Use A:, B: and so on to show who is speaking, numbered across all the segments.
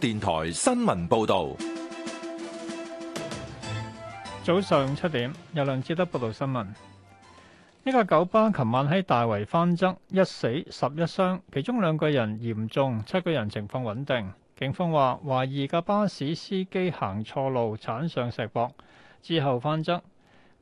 A: 電台新聞報道，早
B: 上七點，由梁志德報道新聞。一架九巴琴晚喺大圍翻側，一死十一傷，其中兩個人嚴重，七個人情況穩定。警方話懷疑架巴士司機行錯路，鏟上石壆，之後翻側，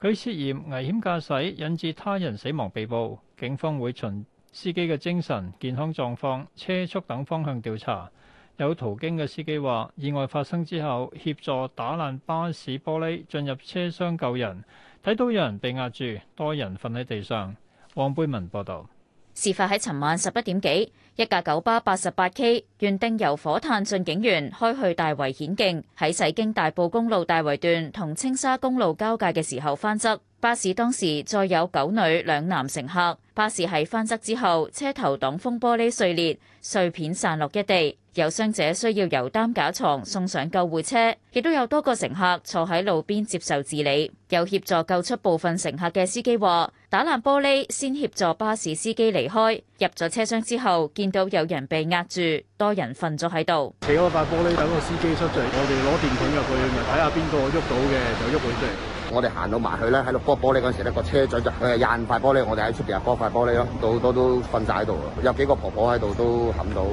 B: 佢涉嫌危險駕駛，引致他人死亡，被捕。警方會循司機嘅精神健康狀況、車速等方向調查。有途經嘅司機話，意外發生之後，協助打爛巴士玻璃，進入車廂救人。睇到有人被壓住，多人瞓喺地上。黃貝文報導。
C: 事發喺尋晚十一點幾，一架九巴八十八 K 原定由火炭駿景園，開去大圍顯徑，喺駛經大埔公路大圍段同青沙公路交界嘅時候翻側。巴士當時載有九女兩男乘客，巴士喺翻側之後，車頭擋風玻璃碎裂，碎片散落一地，有傷者需要由擔架牀送上救護車，亦都有多個乘客坐喺路邊接受治理。有協助救出部分乘客嘅司機話：打爛玻璃先協助巴士司機離開，入咗車廂之後，見到有人被壓住，多人瞓咗喺度。破咗塊玻
A: 璃等個司機出嚟，我哋攞電筒入去，睇下邊個喐到嘅就喐佢出嚟。我哋行
D: 到埋去咧，喺度割玻璃嗰時咧，個車嘴就佢係廿塊玻璃，我哋喺出邊又割塊玻璃咯，到多都瞓晒喺度。有幾個婆婆喺度都冚到，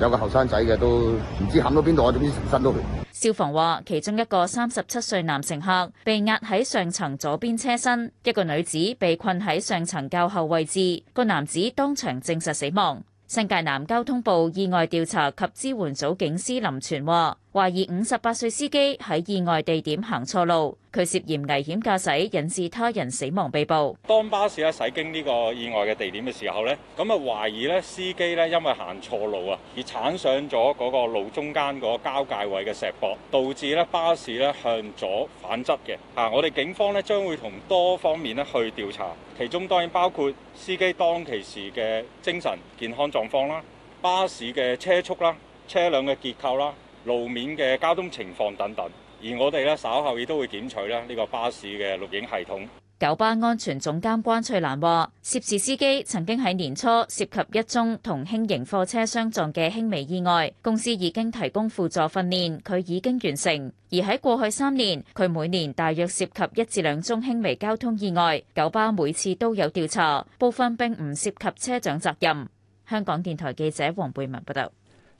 D: 有個後生仔嘅都唔知冚到邊度我，總之成身都亂。
C: 消防話，其中一個三十七歲男乘客被壓喺上層左邊車身，一個女子被困喺上層較後位置，個男子當場證實死亡。新界南交通部意外調查及支援組警司林傳話。懷疑五十八歲司機喺意外地點行錯路，佢涉嫌危險駕駛，引致他人死亡被捕。
B: 當巴士咧駛經呢個意外嘅地點嘅時候咧，咁啊懷疑咧司機咧因為行錯路啊，而鏟上咗嗰個路中間嗰個交界位嘅石駁，導致咧巴士咧向左反側嘅。啊，我哋警方咧將會同多方面咧去調查，其中當然包括司機當其時嘅精神健康狀況啦，巴士嘅車速啦，車輛嘅結構啦。路面嘅交通情況等等，而我哋咧稍後亦都會檢取啦呢個巴士嘅錄影系統。
C: 九巴安全總監關翠蘭話，涉事司機曾經喺年初涉及一宗同輕型貨車相撞嘅輕微意外，公司已經提供輔助訓練，佢已經完成。而喺過去三年，佢每年大約涉及一至兩宗輕微交通意外，九巴每次都有調查，部分並唔涉及車長責任。香港電台記者黃貝文報道。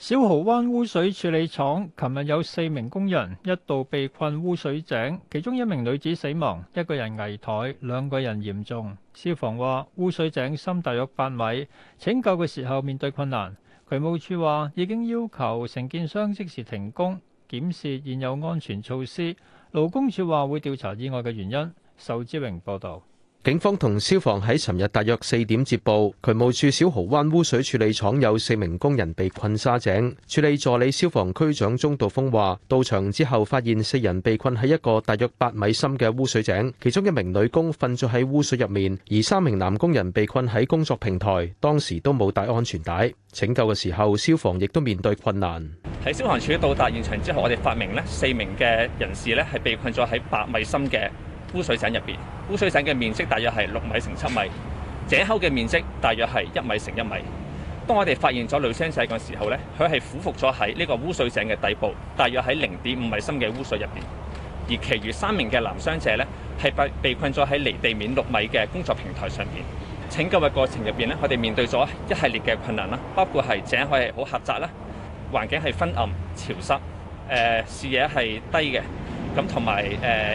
B: 小濠灣污水處理廠琴日，有四名工人一度被困污水井，其中一名女子死亡，一個人危殆，兩個人嚴重。消防話污水井深大約八米，拯救嘅時候面對困難。渠務處話已經要求承建商即時停工檢視現有安全措施。勞工處話會調查意外嘅原因。仇志榮報道。
A: 警方同消防喺尋日大約四點接報，渠務署小蠔灣污水處理廠有四名工人被困沙井。處理助理消防區長鍾道峰話，到場之後發現四人被困喺一個大約八米深嘅污水井，其中一名女工瞓咗喺污水入面，而三名男工人被困喺工作平台，當時都冇帶安全帶。拯救嘅時候，消防亦都面對困難。
E: 喺消防處到達
B: 現場之後，我哋發明咧，四名嘅人士咧係被困咗喺八米深嘅污水井入邊。污水井嘅面積大約係六米乘七米，井口嘅面積大約係一米乘一米。當我哋發現咗女傷者嘅時候咧，佢係俯伏咗喺呢個污水井嘅底部，大約喺零點五米深嘅污水入邊。而其餘三名嘅男傷者咧，係被被困咗喺離地面六米嘅工作平台上邊。拯救嘅過程入邊咧，我哋面對咗一系列嘅困難啦，包括係井口係好狹窄啦，環境係昏暗潮濕，誒、呃，視野係低嘅。咁同埋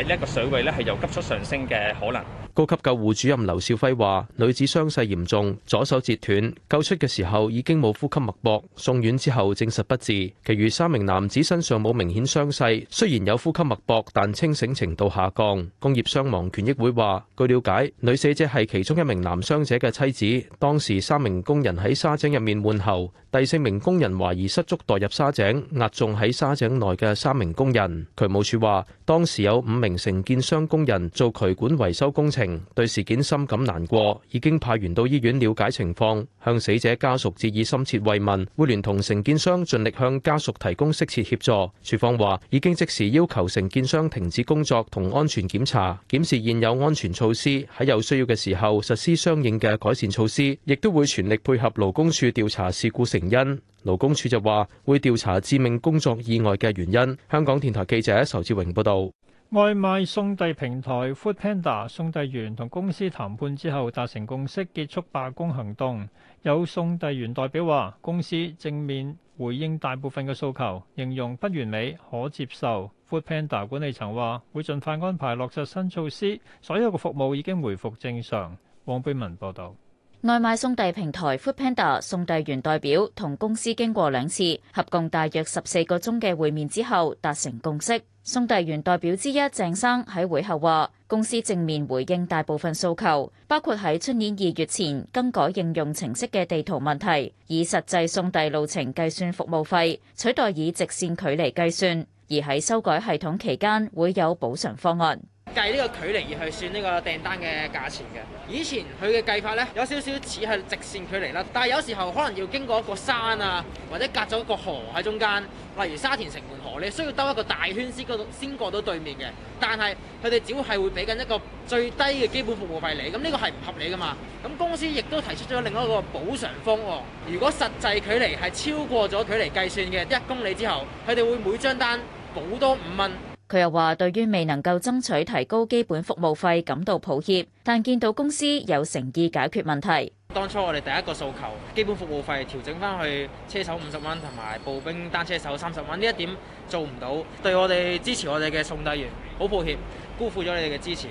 B: 誒呢一個水位咧，係有急速上升嘅可能。
A: 高級救護主任劉少輝話：女子傷勢嚴重，左手截斷，救出嘅時候已經冇呼吸脈搏，送院之後證實不治。其餘三名男子身上冇明顯傷勢，雖然有呼吸脈搏，但清醒程度下降。工業傷亡權益會話：據了解，女死者係其中一名男傷者嘅妻子。當時三名工人喺沙井入面換喉，第四名工人懷疑失足墮入沙井，壓中喺沙井內嘅三名工人。渠務署話：當時有五名承建商工人做渠管維修工程。對事件深感難過，已經派員到醫院了解情況，向死者家屬致以深切慰問，會聯同承建商盡力向家屬提供適切協助。署方話已經即時要求承建商停止工作同安全檢查，檢視現有安全措施，喺有需要嘅時候實施相應嘅改善措施，亦都會全力配合勞工處調查事故成因。勞工處就話會調查致命工作意外嘅原因。香港電台記者仇志榮報道。
B: 外賣送遞平台 Foodpanda 送遞員同公司談判之後達成共識，結束罷工行動。有送遞員代表話，公司正面回應大部分嘅訴求，形容不完美，可接受。Foodpanda 管理層話會盡快安排落實新措施，所有嘅服務已經回復正常。黃貝文報道。
C: 外賣送遞平台 Foodpanda 送遞員代表同公司經過兩次合共大約十四個鐘嘅會面之後達成共識。送遞員代表之一鄭生喺會後話：公司正面回應大部分訴求，包括喺出年二月前更改應用程式嘅地圖問題，以實際送遞路程計算服務費，取代以直線距離計算。而喺修改系統期間，會有補償方案。
D: 計呢個距離而去算呢個訂單嘅價錢嘅。以前佢嘅計法呢，有少少似係直線距離啦，但係有時候可能要經過一個山啊，或者隔咗一個河喺中間，例如沙田城門河你需要兜一個大圈先過先過到對面嘅。但係佢哋只會係會俾緊一個最低嘅基本服務費你，咁呢個係唔合理噶嘛？咁公司亦都提出咗另外一個補償方案，如果實際距離係超過咗距離計算嘅一公里之後，佢哋會每張單補多五蚊。
C: 佢又話：對於未能夠爭取提高基本服務費感到抱歉，但見到公司有誠意解決問題。
D: 當初我哋第一個訴求，基本服務費調整翻去車手五十蚊同埋步兵單車手三十蚊，呢一點做唔到，對我哋支持我哋嘅送遞員好抱歉，辜負咗你哋嘅支持。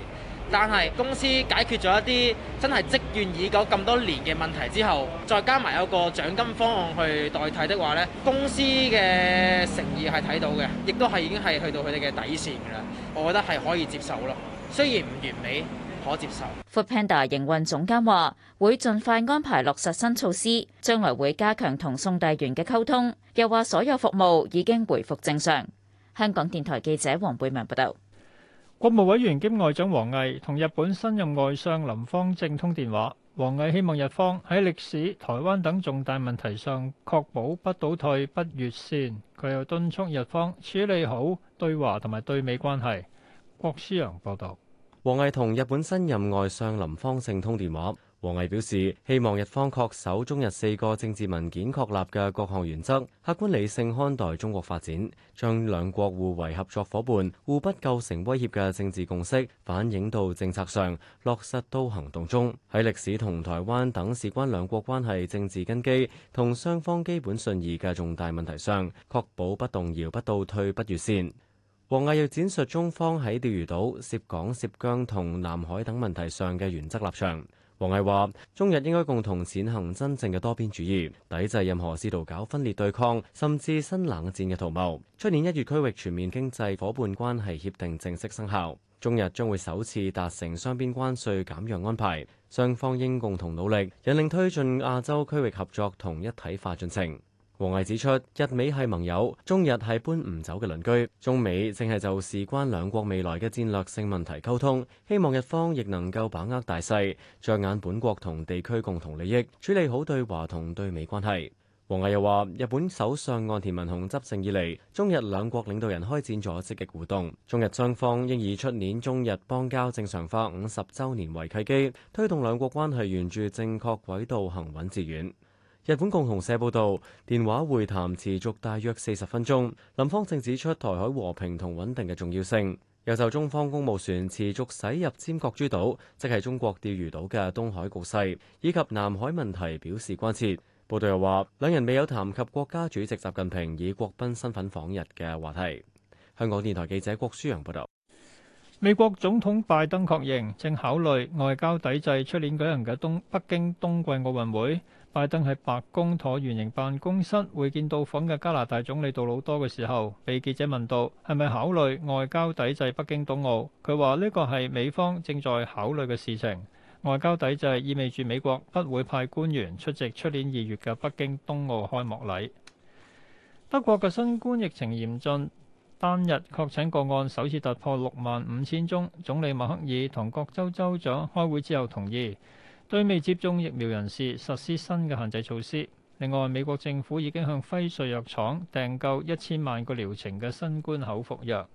D: 但係公司解決咗一啲真係積怨已久咁多年嘅問題之後，再加埋有個獎金方案去代替的話呢，公司嘅誠意係睇到嘅，亦都係已經係去到佢哋嘅底線㗎啦。我覺得係可以接受咯，雖然唔完
C: 美，可接受。Foodpanda 營運總監話：會盡快安排落實新措施，將來會加強同送遞員嘅溝通。又話所有服務已經回復正常。香港電台記者黃貝文報道。
B: 國務委員兼外長王毅同日本新任外相林芳正通電話，王毅希望日方喺歷史、台灣等重大問題上確保不倒退、不越線。佢又敦促日方處理好對華同埋對美關係。郭思陽報道，
E: 王毅同日本新任外相林芳正通電話。王毅表示，希望日方恪守中日四個政治文件確立嘅各項原則，客觀理性看待中國發展，將兩國互為合作夥伴、互不構成威脅嘅政治共識反映到政策上，落實到行動中。喺歷史同台灣等事關兩國關係政治根基同雙方基本信義嘅重大問題上，確保不動搖、不倒退、不越線。王毅又闡述中方喺釣魚島、涉港、涉疆同南海等問題上嘅原則立場。王毅話：中日應該共同踐行真正嘅多邊主義，抵制任何試圖搞分裂對抗甚至新冷戰嘅圖謀。出年一月，區域全面經濟伙伴關係協定正式生效，中日將會首次達成雙邊關稅減讓安排，雙方應共同努力，引領推進亞洲區域合作同一體化進程。王毅指出，日美係盟友，中日係搬唔走嘅鄰居，中美正係就事關兩國未來嘅戰略性問題溝通，希望日方亦能夠把握大勢，着眼本國同地區共同利益，處理好對華同對美關係。王毅又話，日本首相岸田文雄執政以嚟，中日兩國領導人開展咗積極互動，中日雙方應以出年中日邦交正常化五十周年為契機，推動兩國關係沿著正確軌道行穩致遠。日本共同社報道，電話會談持續大約四十分鐘。林芳正指出，台海和平同穩定嘅重要性，又就中方公務船持續駛入尖閣諸島，即係中國釣魚島嘅東海局勢，以及南海問題表示關切。報道又話，兩人未有談及國家主席習近平以國賓身份訪日嘅話題。香港電台記者郭舒陽報道。
B: 美國總統拜登確認正考慮外交抵制出年舉行嘅冬北京冬季奧運會。拜登喺白宮橢圓形辦公室會見到訪嘅加拿大總理杜魯多嘅時候，被記者問到係咪考慮外交抵制北京冬奧，佢話呢個係美方正在考慮嘅事情。外交抵制意味住美國不會派官員出席出年二月嘅北京冬奧開幕禮。德國嘅新冠疫情嚴峻，單日確診個案首次突破六萬五千宗，總理默克爾同各州州長開會之後同意。對未接種疫苗人士實施新嘅限制措施。另外，美國政府已經向輝瑞藥廠訂購一千萬個療程嘅新冠口服藥。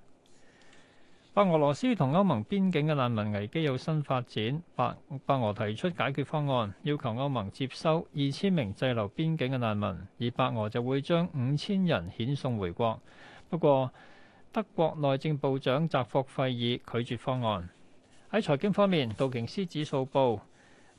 B: 白俄羅斯同歐盟邊境嘅難民危機有新發展，白白俄提出解決方案，要求歐盟接收二千名滯留邊境嘅難民，而白俄就會將五千人遣送回國。不過，德國內政部長澤霍費爾拒絕方案。喺財經方面，道瓊斯指數報，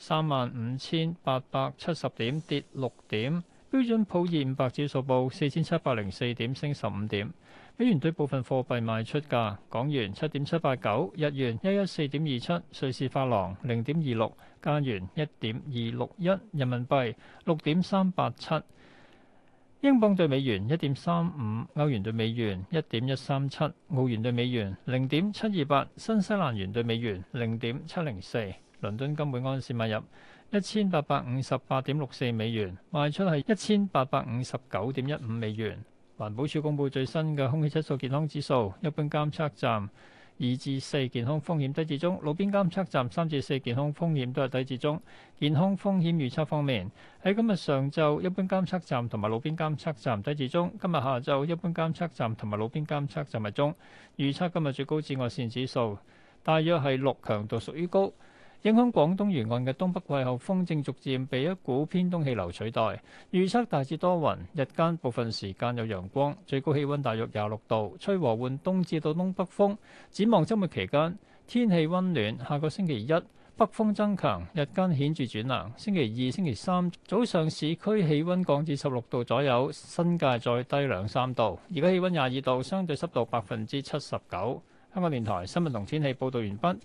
B: 三萬五千八百七十點跌六點，標準普爾五百指數報四千七百零四點升十五點。美元對部分貨幣賣出價：港元七點七八九，7. 7 89, 日元一一四點二七，27, 瑞士法郎零點二六，26, 加元一點二六一，1. 1, 人民幣六點三八七，7, 英鎊對美元一點三五，歐元對美元一點一三七，7, 澳元對美元零點七二八，28, 新西蘭元對美元零點七零四。倫敦金本安線買入一千八百五十八點六四美元，賣出係一千八百五十九點一五美元。環保署公布最新嘅空氣質素健康指數，一般監測站二至四健康風險低至中，路邊監測站三至四健康風險都係低至中。健康風險預測方面，喺今日上晝一般監測站同埋路邊監測站低至中，今日下晝一般監測站同埋路邊監測站係中。預測今日最高紫外線指數大約係六，強度屬於高。影響廣東沿岸嘅東北季候風正逐漸被一股偏東氣流取代，預測大致多雲，日間部分時間有陽光，最高氣温大約廿六度，吹和緩東至到東北風。展望周末期間，天氣温暖。下個星期一北風增強，日間顯著轉涼。星期二、星期三早上市區氣温降至十六度左右，新界再低兩三度。而家氣温廿二度，相對濕度百分之七十九。香港電台新聞同天氣報導完畢。